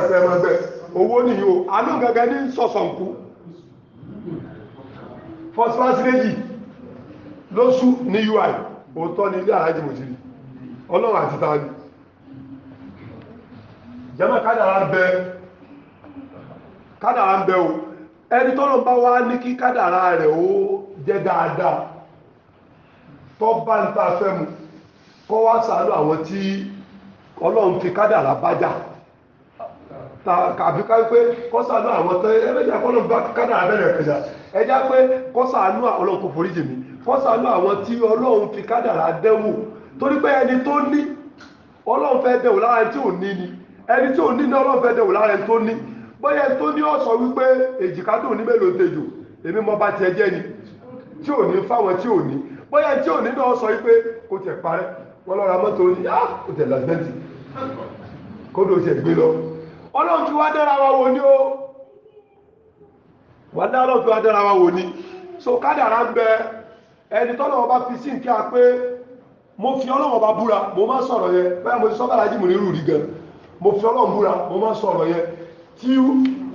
o àánú ní sọ̀sọ̀nkú first class méjì lóṣù ní ui òótọ́ ní ilé alájì mòjìrì ọlọ́run àti tàbí jẹ́mọ̀ kádàrá ń bẹ kádàrá ń bẹ o ẹni bá wá ní kí kádàrá rẹ̀ ó jẹ́ dáadáa tọ́ bá ń ta fẹ́ mu kọ́ ọlọ́run fi kádàrá bájà tàbí ká pé kọ́sàánú àwọn tó ẹgbẹ́jà kọ́ ló bá kádàrá bẹ̀rẹ̀ kẹjà ẹjá pé kọ́sàánú ọlọ́run kò forí jì mí kọ́sàánú àwọn tí ọlọ́run fi kádàrá dẹ́wò torí pé ẹni tó ní ọlọ́run fẹ́ dẹ̀wò lára ẹni tí ò ní ni ẹni tí ò ní ní ọlọ́run fẹ́ dẹ̀wò lára ẹni tó ní bóyá tó ní ọ̀sọ̀ wípé èjìká tó ní mélòó tejò èmi mọ bá tiẹ̀ jẹ́ ni tí ò ní fáwọn tí ò ní bóyá tí ò ní náà sọ wípé kò tẹ̀ parẹ́ wọ́n lọ ra mọ́tò ní á ah, kò tẹ̀ lásìmẹ́ǹtì kódò ṣe gbé lọ ọlọ́run tí wá dára wa wò ní o wà dá ọlọ́run tí wá dára wa wò ní so kádàrá ń bẹ ẹni tọ́lọ̀ ọba fi sí nǹkan pé mo fi ọlọ́run ọba búra mo máa sọ̀rọ̀ yẹn báyìí mo ti sọ́ bàlájì mò ní rúùrí gan mo fi ọlọ́run búra mo máa sọ̀rọ̀ yẹn tí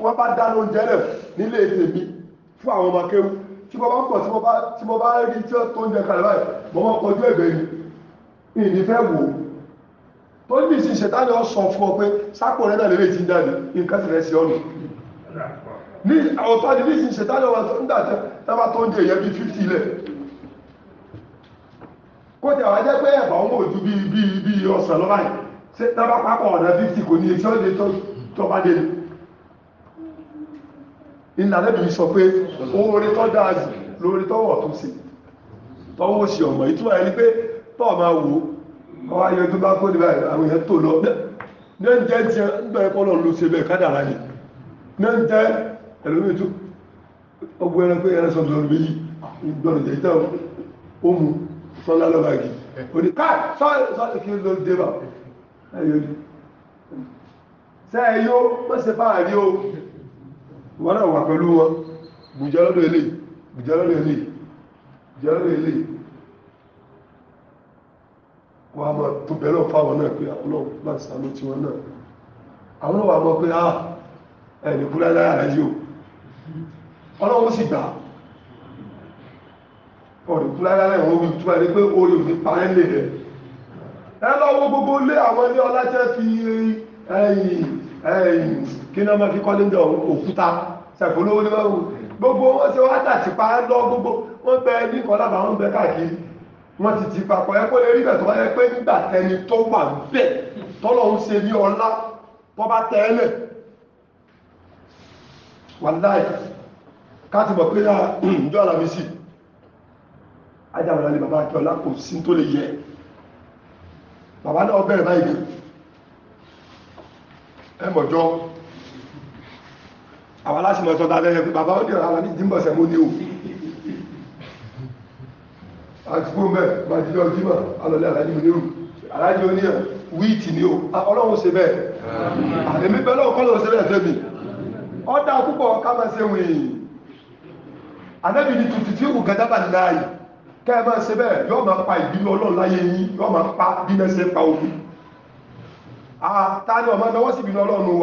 wọ́n bá dáná oúnjẹ rẹ̀ nílé tèmi fún àwọn ọmọ kéwú tí mo bá ń pọ̀ tí mo bá rí tí ó tó oúnjẹ kalẹ̀ báyìí mo máa kọjú ẹ̀gbẹ́ yìí ìní fẹ́ wò tó ní ìsìn ṣẹ̀tánì ọ sọ fún ọ pé sápò rẹ̀ náà lè ti dànù nǹkan ti rẹ̀ sí ọ̀nà ní ọ̀tọ́ ní ìsìn ṣẹ̀tánì ọmọ tó ń dà tẹ́bà tó ń jẹ ìyẹn bí 50 lẹ̀ kó tẹ̀ wá jẹ́ pé ẹ̀bà ọmọ òjú bí bí bí ọ̀sán lọ́ba yìí ṣé tẹ́bà pápọ̀ ọ̀nà 50 kò ní etí ọ̀dẹ tó tọ́ba dé ni ìlànà ìbí sọ pé owó orí tọ́ dáa lórí tọ́wọ̀ tó tọ́wọ́ sí ọmọ ìtumọ̀ ẹni pé tọ́ ma wò ọwá yẹn tó bá kó níbà àwọn èèyàn tó lọ náà ń jẹ́ tiẹ̀ ń bẹ̀rẹ̀ kọ́ lọ́n ló ṣe bẹ́ẹ̀ kádàrá ni náà ń jẹ́ ẹlòmíì tó ọgbọ́n ẹran pé ẹran sọ̀tún lọ́dún méjì ah, ìgbọ́n ìjẹ́ ìtàn ó mu sọ́lá lọ́ba gì ó ní káà sọ́ọ̀lì sọ́ọ̀lì kí ló dé bá ẹ̀yọ́ ni sẹ́ẹ̀ yó mọ́sẹ̀ o wọ́n náà wà pẹ̀lú wọn bùjọ́lọ́dọ̀ eléyìí bùjọ́lọ́dọ̀ eléyìí bùjọ́lọ́dọ̀ eléyìí wọ́n á máa tó bẹ̀rẹ̀ fáwọn náà pé ọlọ́run bá ń sàánú tí wọ́n náà àwọn náà wà mọ́ pé ah ẹni kú láyà rẹ̀ yìí o ọlọ́run sì gbà ọ̀rẹ́ kú láyà rẹ̀ wọ́n wí túmọ̀ ní pé orí òní parẹ́ lè rẹ̀ ẹ lọ́wọ́ gbogbo lé àwọn ilé ọlá jẹ́ fi ẹyìn ẹyìn kí náà máa fi kọ́lé ń jọ òkúta ṣàkólówó ní báwo gbogbo wọn ṣe wá dàtí pa lọ gbogbo wọn bẹ ní kọlá bá wọn bẹ káàkiri wọ́n ti ti papọ̀ ẹ kó lè rí bẹ̀tọ̀ ẹ pé nígbà tẹni tó wà bẹ̀ tọ́lọ̀ ń ṣe ní ọlá tó bá tẹ́lẹ̀ wà láì káàtì mọ̀ pé náà ìjọ *clears throat* àlàmísì ajáwọ̀lá ni bàbá akíọlá kò sí tó lè yẹ bàbá náà bẹ̀rẹ̀ báyìí ẹ mọ̀jọ́ àwọn aláṣìmọ̀ sọ́ta lẹ́yẹ pé bàbá ó dẹ̀ àwọn ní ìdímbọ̀sẹ̀ mú ní òfin àti fún bẹ́ẹ̀ máa jíjọ jímọ̀ alọ́lẹ́ wíìtì ni o ọlọ́run ṣe bẹ́ẹ̀ àdèmí bẹ́ẹ̀ lọ́wọ́ kọ́lọ́ ṣe bẹ́ẹ̀ sẹ́mi ọ̀dà púpọ̀ ṣe wìn tuntun tí òkú gàdábà láàyè máa ṣe bẹ́ẹ̀ yọ́ máa pa ọlọ́run láyé yín yọ́ máa pa bí pa àtàlẹ́ wọ́n sì bínú ọlọ́run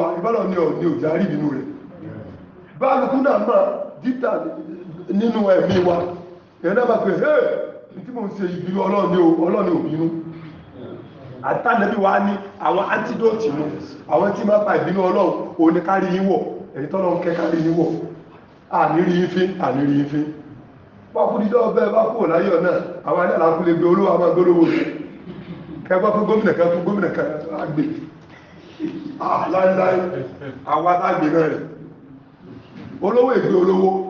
wa ní tí mò ń ṣe ìbínú ọlọ́run ní ọlọ́run òbínú àtànẹ́bí wa ní àwọn antidote mú àwọn pa ìbínú ọlọ́run òun kárí yín wọ̀ èyí tọ́lọ́run kẹ́ kárí yín wọ̀ àníri yín fín àníri yín fín pákúdídọ́ ọbẹ̀ bá kú láyọ̀ náà àwọn lè gbé olówó fún gómìnà kan fún gómìnà kan àgbè àwọn alágbè náà rẹ̀ olówó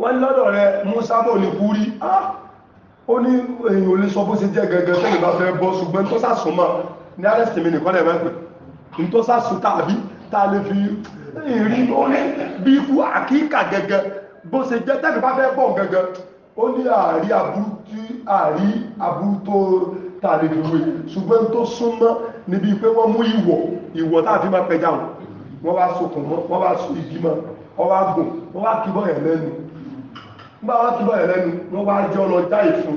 wọ́n lọ́dọ̀ rẹ̀ Musa mọ́ lè kú rí ó ní èyàn olè sọ bó ṣe jẹ́ gẹ́gẹ́ tẹ́lẹ̀ bá fẹ́ bọ́ ṣùgbọ́n tó sàsùn mọ́ ní arẹ́sì mi nìkan lẹ́wẹ́ pẹ̀ ní tó sàsùn tàbí tá a lè fi rí ó ní bí ikú àkíkà gẹ́gẹ́ bó ṣe jẹ́ tẹ́lẹ̀ bá fẹ́ bọ́ gẹ́gẹ́ ó ní àárí aburú tí àárí aburú tó tá a lè fi wé ṣùgbọ́n tó súnmọ́ níbi pé wọ́n mú ìwọ̀ ìwọ̀ tá a fi máa pẹja wọn wọ́n wá sokùn mọ́ wọ́n wá so ìgbìmọ̀ wọ́n wá gùn wọ́n wá kíbọ̀ nígbà wọn túbọ̀ yẹn lẹ́nu wọ́n wá jọ lọ já ìfun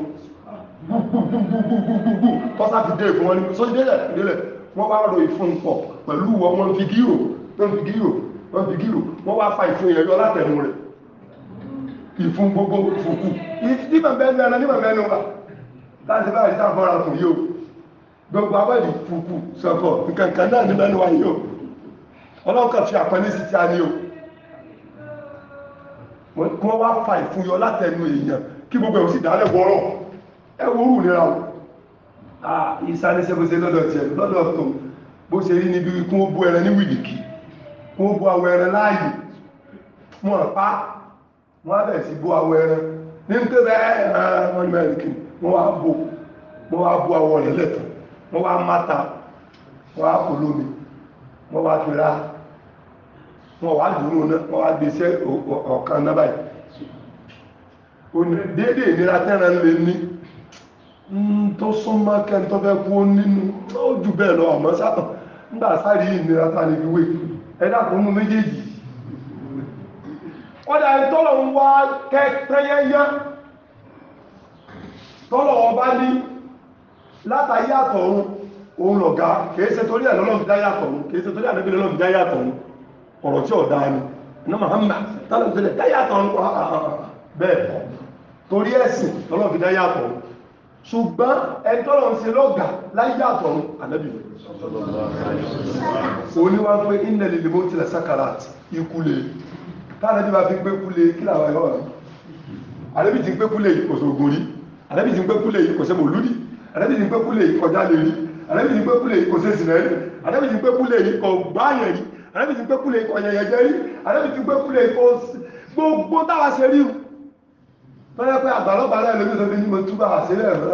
gbùgbùgbùgbùgbùgbù tọ́sà ti dé ìfun wọn ni sójú délẹ̀ délẹ̀ wọ́n wá ro ìfun pọ̀ pẹ̀lú wọn wọn fi gírò wọn fi gírò wọn fi gírò wọ́n wá fa ìfun yẹn yọ látẹnu rẹ̀ ìfun gbogbo fùkù nímọ̀ bẹ́ẹ̀ mẹ́rin nímọ̀ mẹ́rin wa láti báyìí sáfọ́ra fún yóò gbogbo abẹ́ẹ̀dì fùkù sọ̀kọ̀ nǹkan kan náà ní mẹ́rin wa yóò ọlọ́kàn fi àpẹẹlẹ́sì tí a ní o wọ́n wá fa ìfúnyọ látẹnu èèyàn kí gbogbo ẹ̀ ó sì dálẹ̀ wọ́rọ̀ ẹ wórú nira o ìsáni sẹ́gbẹ́sẹ́ lọ́dọ̀ tiẹ̀ lọ́dọ̀ tó bó ṣe rí níbi kí wọ́n bú ẹran ní wìdìkì kí wọ́n bú awọ ẹran láàyè wọ́n pa wọ́n á bẹ̀rẹ̀ sí bú awọ ẹran ní ń tẹ́bẹ̀ ẹran wọn ní mẹ́rin kì wọ́n wá bó wọ́n wá bú awọ rẹ̀ lẹ́tọ̀ wọ́n wá máta wọ́n wá kò lómi wọ́n wá fi ra wọn wá dúró náà wọn wá gbé iṣẹ́ ọ̀kan náà báyìí déédéé ìnira tẹ́ran lè ní tó súnmọ́ kẹ́ntọ́ fẹ́ kú nínú ó jù bẹ́ẹ̀ lọ àmọ́ sáà nígbà sáré ìnira ta lè fi wé ẹ̀dá kún nínú méjèèjì kọ́dà tọ́lọ̀ ń wá kẹ́tẹ́yẹ́yẹ́ tọ́lọ̀ ọba ní látàyàtọ̀ òun lọ̀gá kìí ṣe torí ẹ̀ lọ́lọ́m dáyàtọ̀ òun kìí ṣe dáyàtọ̀ òun ọ̀rọ̀ tí ọ̀dá ni iná Muhammad tálọ̀ ìṣẹ̀lẹ̀ dáyàtọ̀ ń kọ́ ah, ah, ah, bẹ́ẹ̀ torí ẹ̀sìn tọ́lọ̀ fi dáyàtọ̀ ṣùgbọ́n ẹ̀tọ́lọ̀ ń ṣe lọ́gà láyàtọ̀ ànábì oníwá pé iná sakarat ikúlé tálọ̀ bí wàá fi gbé kúlé kí làwọn ẹ̀rọ rẹ̀ ànábì ti gbé kúlé yìí kò sóògùn rí ànábì ti gbé kúlé rí àrẹ́bì ti gbé kúlẹ̀ ikọ̀ yẹ̀yẹ̀jẹ́ rí àrẹ́bì ti gbé kúlẹ̀ ikọ̀ gbogbo táwa ṣe rí tọ́jọ́ pé àgbàlọ́gbà náà lóbi sọ pé ní mo túbà sílẹ̀ rẹ̀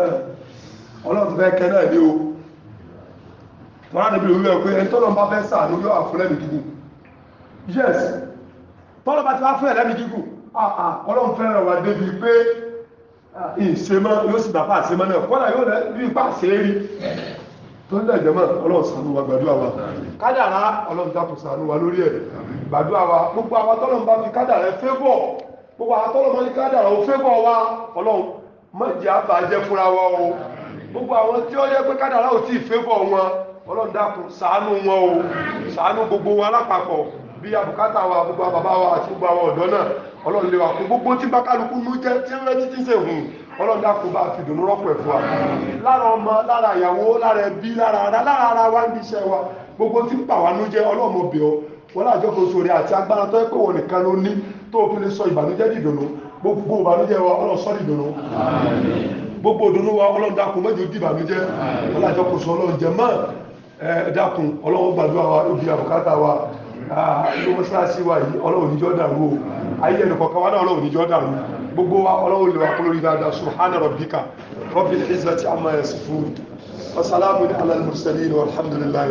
ọlọ́run ti fẹ́ kẹ́ náà ní o wọ́n á dẹ̀bi òwúrọ̀ pé ẹni tọ́lọ́ bá fẹ́ sàánú yóò àfúnlẹ̀ mi gígùn yes tọ́lọ́ bá ti wá fún ẹ̀lẹ́mi gígùn ọlọ́run fẹ́ràn wà débi pé ìṣemọ́ yóò sì bàbá àṣemọ́ náà kọ́lá yóò rí ipá àṣẹ́rí tó ń dẹ̀ jẹ́mọ́ ọlọ́run ṣàánú wa gbàdúrà wa kádàrá ọlọ́run dákun ṣàánú wa lórí ẹ̀ gbàdúrà wa gbogbo àwọn tọ́lọ́run bá fi kádàrá ẹ fẹ́bọ̀ gbogbo àwọn tọ́lọ́run bá fi kádàrá ó fẹ́bọ̀ wa ọlọ́run mọ̀jì àbàjẹ́ fúnra wa o gbogbo àwọn tí ó yẹ pé kádàrá ò tí ì fẹ́bọ̀ wọn ọlọ́run dákun ṣàánú wọn o ṣàánú gbogbo wa lápapọ̀ bí abùkátà wa gbogbo bàbá wa àti gbogbo àwọn ọ̀dọ́ náà ọlọ́run lè wà kó gbogbo tí bákàlùkù ló jẹ́ tí ń rẹ́ títí ṣe hùn ọlọ́run bá fi dùnú rọ́pò ẹ̀fọ́ wa lára ọmọ lára ìyàwó lára ẹbí lára ara lára ara wa ń bí iṣẹ́ wa gbogbo tí ń wá ọ àti agbára tó yẹ pé wọn fi lè sọ ìbànújẹ́ dìdùnú gbogbo ìbànújẹ́ wa ọlọ́run sọ dìdùnú gbogbo ìlú mọ́sálásí wa yìí ọlọ́run níjọ́ dàrú o ayé ẹnì kọ̀ọ̀kan wa náà ọlọ́run níjọ́ dàrú gbogbo wa ọlọ́run lè wà kó lórí dáadáa subhana rabbika rabbil izzati amma yasifun wa salamun ala